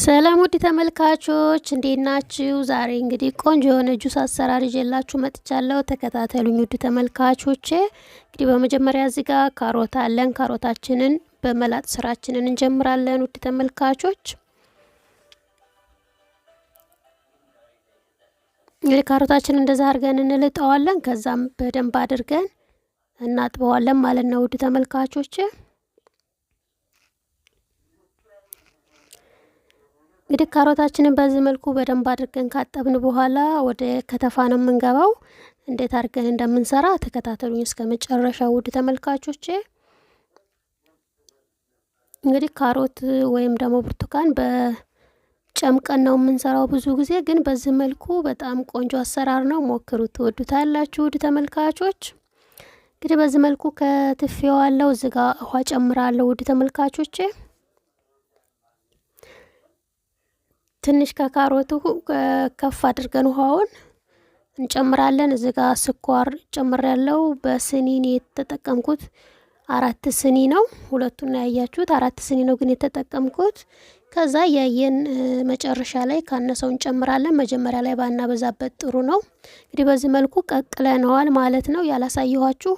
ሰላም ውድ ተመልካቾች እንዴት ናችሁ? ዛሬ እንግዲህ ቆንጆ የሆነ ጁስ አሰራር ይዤላችሁ መጥቻለሁ። ተከታተሉኝ ውድ ተመልካቾች እንግዲህ በመጀመሪያ እዚህ ጋር ካሮት አለን። ካሮታችንን በመላጥ ስራችንን እንጀምራለን ውድ ተመልካቾች። እንግዲህ ካሮታችንን እንደዛ አድርገን እንልጠዋለን። ከዛም በደንብ አድርገን እናጥበዋለን ማለት ነው ውድ ተመልካቾች። እንግዲህ ካሮታችንን በዚህ መልኩ በደንብ አድርገን ካጠብን በኋላ ወደ ከተፋ ነው የምንገባው። እንዴት አድርገን እንደምንሰራ ተከታተሉኝ እስከ መጨረሻ ውድ ተመልካቾቼ። እንግዲህ ካሮት ወይም ደግሞ ብርቱካን በጨምቀን ነው የምንሰራው ብዙ ጊዜ፣ ግን በዚህ መልኩ በጣም ቆንጆ አሰራር ነው። ሞክሩት፣ ትወዱታላችሁ ውድ ተመልካቾች። እንግዲህ በዚህ መልኩ ከትፌዋለው። እዚጋ ውሃ ጨምራለሁ ውድ ተመልካቾቼ ትንሽ ከካሮቱ ከፍ አድርገን ውሃውን እንጨምራለን። እዚ ጋ ስኳር ጨምር ያለው በስኒን የተጠቀምኩት አራት ስኒ ነው። ሁለቱን ያያችሁት አራት ስኒ ነው ግን የተጠቀምኩት። ከዛ ያየን መጨረሻ ላይ ካነሰው እንጨምራለን። መጀመሪያ ላይ ባናበዛበት ጥሩ ነው። እንግዲህ በዚህ መልኩ ቀቅለነዋል ማለት ነው። ያላሳየኋችሁ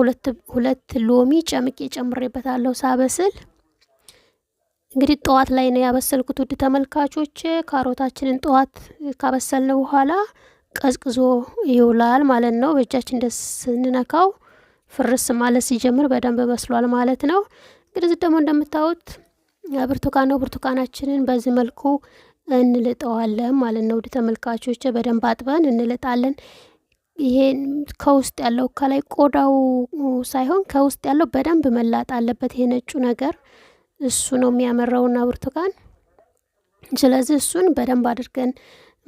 ሁለት ሁለት ሎሚ ጨምቄ ጨምሬበታለሁ ሳበስል እንግዲህ ጠዋት ላይ ነው ያበሰልኩት። ውድ ተመልካቾች ካሮታችንን ጠዋት ካበሰልን በኋላ ቀዝቅዞ ይውላል ማለት ነው። በእጃችን እንደስ ስንነካው ፍርስ ማለት ሲጀምር በደንብ በስሏል ማለት ነው። እንግዲህ ደግሞ እንደምታዩት ብርቱካን ነው። ብርቱካናችንን በዚህ መልኩ እንልጠዋለን ማለት ነው። ውድ ተመልካቾች በደንብ አጥበን እንልጣለን። ይሄን ከውስጥ ያለው ከላይ ቆዳው ሳይሆን ከውስጥ ያለው በደንብ መላጥ አለበት ይሄ ነጩ ነገር እሱ ነው የሚያመራውና ብርቱካን። ስለዚህ እሱን በደንብ አድርገን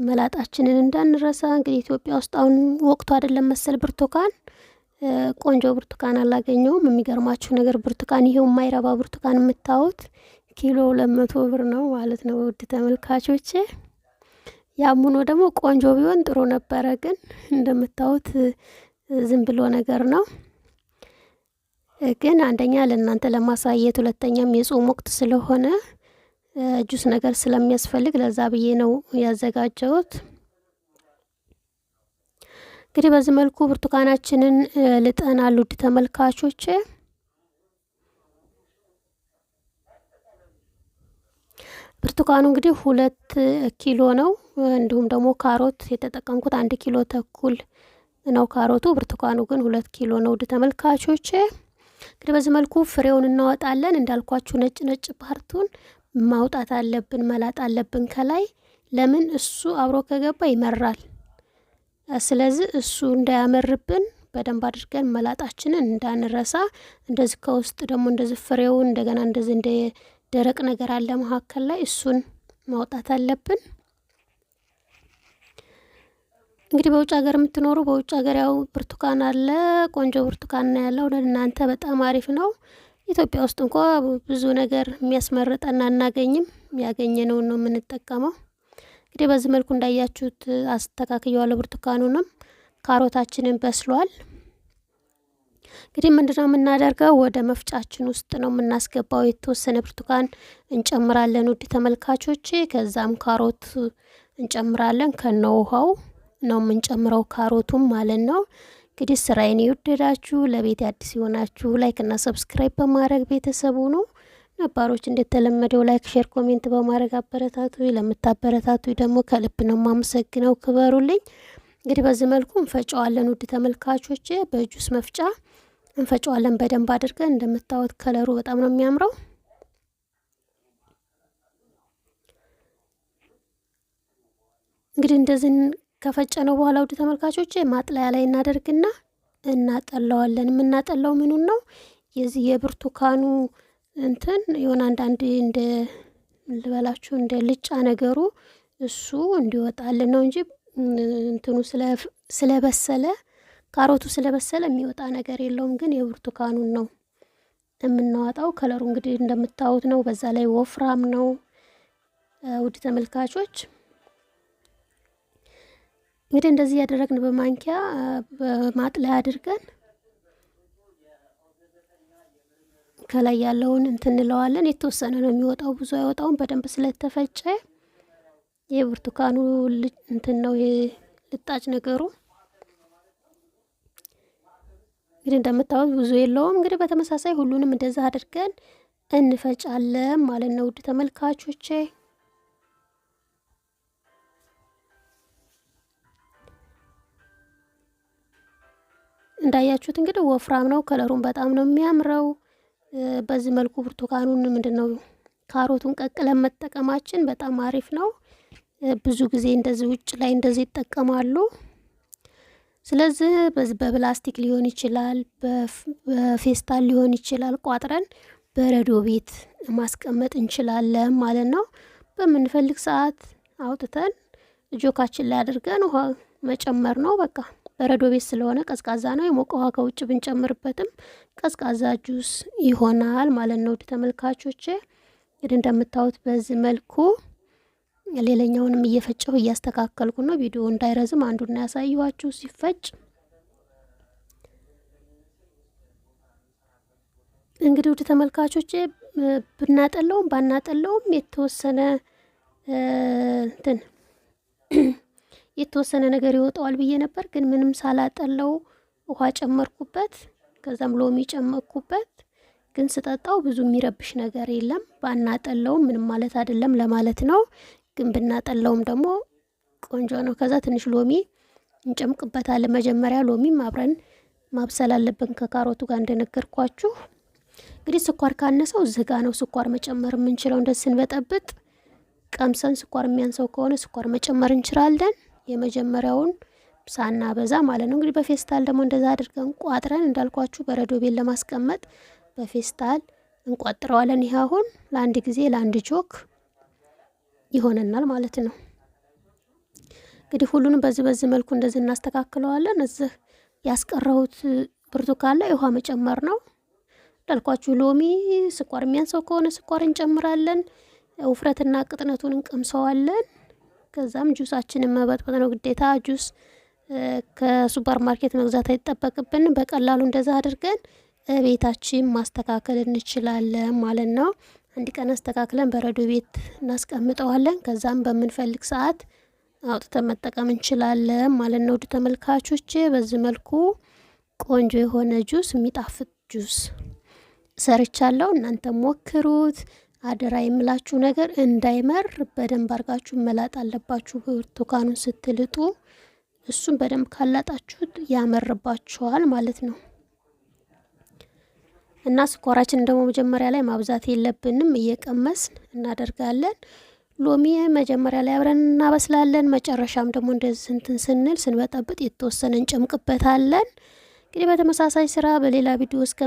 መላጣችንን እንዳንረሳ። እንግዲህ ኢትዮጵያ ውስጥ አሁን ወቅቱ አይደለም መሰል ብርቱካን ቆንጆ ብርቱካን አላገኘውም። የሚገርማችሁ ነገር ብርቱካን ይሄው የማይረባ ብርቱካን የምታዩት ኪሎ ሁለት መቶ ብር ነው ማለት ነው ውድ ተመልካቾቼ። ያም ሆኖ ደግሞ ቆንጆ ቢሆን ጥሩ ነበረ፣ ግን እንደምታዩት ዝም ብሎ ነገር ነው። ግን አንደኛ ለእናንተ ለማሳየት፣ ሁለተኛም የጾም ወቅት ስለሆነ ጁስ ነገር ስለሚያስፈልግ ለዛ ብዬ ነው ያዘጋጀሁት። እንግዲህ በዚህ መልኩ ብርቱካናችንን ልጠናል። ውድ ተመልካቾች ብርቱካኑ እንግዲህ ሁለት ኪሎ ነው። እንዲሁም ደግሞ ካሮት የተጠቀምኩት አንድ ኪሎ ተኩል ነው ካሮቱ። ብርቱካኑ ግን ሁለት ኪሎ ነው። ውድ ተመልካቾች እንግዲህ በዚህ መልኩ ፍሬውን እናወጣለን። እንዳልኳችሁ ነጭ ነጭ ፓርቱን ማውጣት አለብን፣ መላጥ አለብን ከላይ ለምን እሱ አብሮ ከገባ ይመራል። ስለዚህ እሱ እንዳያመርብን በደንብ አድርገን መላጣችንን እንዳንረሳ። እንደዚህ ከውስጥ ደግሞ እንደዚህ ፍሬውን እንደገና እንደዚህ እንደ ደረቅ ነገር አለ መካከል ላይ እሱን ማውጣት አለብን። እንግዲህ በውጭ ሀገር የምትኖሩ በውጭ ሀገር ያው ብርቱካን አለ፣ ቆንጆ ብርቱካን ነው ያለው፣ ለእናንተ በጣም አሪፍ ነው። ኢትዮጵያ ውስጥ እንኳ ብዙ ነገር የሚያስመርጠን አናገኝም፣ ያገኘነውን ነው የምንጠቀመው። እንግዲህ በዚህ መልኩ እንዳያችሁት አስተካክየዋለሁ። ብርቱካኑንም ካሮታችንን በስሏል። እንግዲህ ምንድነው የምናደርገው? ወደ መፍጫችን ውስጥ ነው የምናስገባው። የተወሰነ ብርቱካን እንጨምራለን ውድ ተመልካቾች። ከዛም ካሮት እንጨምራለን ከነ ውሃው ነው የምንጨምረው ካሮቱም ማለት ነው። እንግዲህ ስራዬን የወደዳችሁ ለቤት አዲስ የሆናችሁ ላይክና ሰብስክራይብ በማድረግ ቤተሰቡ ነው። ነባሮች እንደተለመደው ላይክ፣ ሼር፣ ኮሜንት በማድረግ አበረታቱ። ለምታበረታቱ ደግሞ ከልብ ነው የማመሰግነው። ክበሩልኝ። እንግዲህ በዚህ መልኩ እንፈጨዋለን። ውድ ተመልካቾች በጁስ መፍጫ እንፈጨዋለን በደንብ አድርገን። እንደምታዩት ከለሩ በጣም ነው የሚያምረው። እንግዲህ እንደዚህ ከፈጨነው በኋላ ውድ ተመልካቾች ማጥለያ ላይ እናደርግና እናጠላዋለን። የምናጠላው ምኑን ነው? የዚህ የብርቱካኑ እንትን የሆነ አንዳንድ እንደ ልበላችሁ እንደ ልጫ ነገሩ እሱ እንዲወጣልን ነው እንጂ እንትኑ ስለበሰለ ካሮቱ ስለበሰለ የሚወጣ ነገር የለውም። ግን የብርቱካኑን ነው የምናወጣው። ከለሩ እንግዲህ እንደምታዩት ነው። በዛ ላይ ወፍራም ነው ውድ ተመልካቾች እንግዲህ እንደዚህ ያደረግን በማንኪያ በማጥለያ አድርገን ከላይ ያለውን እንትን እንለዋለን። የተወሰነ ነው የሚወጣው፣ ብዙ አይወጣውም። በደንብ ስለተፈጨ የብርቱካኑ እንትን ነው ልጣጭ ነገሩ። እንግዲህ እንደምታዩት ብዙ የለውም። እንግዲህ በተመሳሳይ ሁሉንም እንደዛ አድርገን እንፈጫለን ማለት ነው ውድ ተመልካቾቼ። እንዳያችሁት እንግዲህ ወፍራም ነው። ከለሩም በጣም ነው የሚያምረው። በዚህ መልኩ ብርቱካኑን ምንድን ነው ካሮቱን ቀቅለን መጠቀማችን በጣም አሪፍ ነው። ብዙ ጊዜ እንደዚህ ውጭ ላይ እንደዚህ ይጠቀማሉ። ስለዚህ በፕላስቲክ ሊሆን ይችላል፣ በፌስታል ሊሆን ይችላል። ቋጥረን በረዶ ቤት ማስቀመጥ እንችላለን ማለት ነው። በምንፈልግ ሰዓት አውጥተን እጆካችን ላይ አድርገን ውሃ መጨመር ነው በቃ። በረዶ ቤት ስለሆነ ቀዝቃዛ ነው። የሞቀ ውሃ ከውጭ ብንጨምርበትም ቀዝቃዛ ጁስ ይሆናል ማለት ነው። ውድ ተመልካቾቼ እንግዲህ እንደምታዩት በዚህ መልኩ ሌላኛውንም እየፈጨሁ እያስተካከልኩ ነው። ቪዲዮ እንዳይረዝም አንዱና ያሳየኋችሁ ሲፈጭ እንግዲህ ውድ ተመልካቾች ብናጠለውም ባናጠለውም የተወሰነ እንትን የተወሰነ ነገር ይወጣዋል ብዬ ነበር፣ ግን ምንም ሳላጠለው ውሃ ጨመርኩበት። ከዛም ሎሚ ጨመርኩበት። ግን ስጠጣው ብዙ የሚረብሽ ነገር የለም። ባናጠለውም ምንም ማለት አይደለም ለማለት ነው። ግን ብናጠለውም ደግሞ ቆንጆ ነው። ከዛ ትንሽ ሎሚ እንጨምቅበታለን። መጀመሪያ ሎሚም አብረን ማብሰል አለብን ከካሮቱ ጋር እንደነገርኳችሁ። እንግዲህ ስኳር ካነሰው ዝጋ ነው ስኳር መጨመር የምንችለው። እንደዚህ ስንበጠብጥ ቀምሰን ስኳር የሚያንሰው ከሆነ ስኳር መጨመር እንችላለን። የመጀመሪያውን በዛ ማለት ነው። እንግዲህ በፌስታል ደግሞ እንደዛ አድርገን ቋጥረን እንዳልኳችሁ በረዶ ቤል ለማስቀመጥ በፌስታል እንቋጥረዋለን። ይህ አሁን ለአንድ ጊዜ ለአንድ ጆክ ይሆነናል ማለት ነው። እንግዲህ ሁሉንም በዚህ በዚህ መልኩ እንደዚህ እናስተካክለዋለን። እዚህ ያስቀረሁት ብርቱካን ላይ ውሃ መጨመር ነው እንዳልኳችሁ። ሎሚ፣ ስኳር የሚያንሰው ከሆነ ስኳር እንጨምራለን። ውፍረትና ቅጥነቱን እንቀምሰዋለን። ከዛም ጁሳችንን መበጥበጥ ነው ግዴታ። ጁስ ከሱፐር ማርኬት መግዛት አይጠበቅብን። በቀላሉ እንደዛ አድርገን ቤታችን ማስተካከል እንችላለን ማለት ነው። አንድ ቀን አስተካክለን በረዶ ቤት እናስቀምጠዋለን። ከዛም በምንፈልግ ሰዓት አውጥተን መጠቀም እንችላለን ማለት ነው። ውድ ተመልካቾች በዚህ መልኩ ቆንጆ የሆነ ጁስ፣ የሚጣፍጥ ጁስ ሰርቻለሁ። እናንተ ሞክሩት። አደራ የምላችሁ ነገር እንዳይመር በደንብ አድርጋችሁ መላጥ አለባችሁ። ብርቱካኑን ስትልጡ እሱን በደንብ ካላጣችሁት ያመርባችኋል ማለት ነው። እና ስኳራችን ደግሞ መጀመሪያ ላይ ማብዛት የለብንም እየቀመስን እናደርጋለን። ሎሚ መጀመሪያ ላይ አብረን እናበስላለን። መጨረሻም ደግሞ እንደዚህ ስንትን ስንል ስንበጠብጥ የተወሰነ እንጨምቅበታለን። እንግዲህ በተመሳሳይ ስራ በሌላ ቪዲዮ እስከ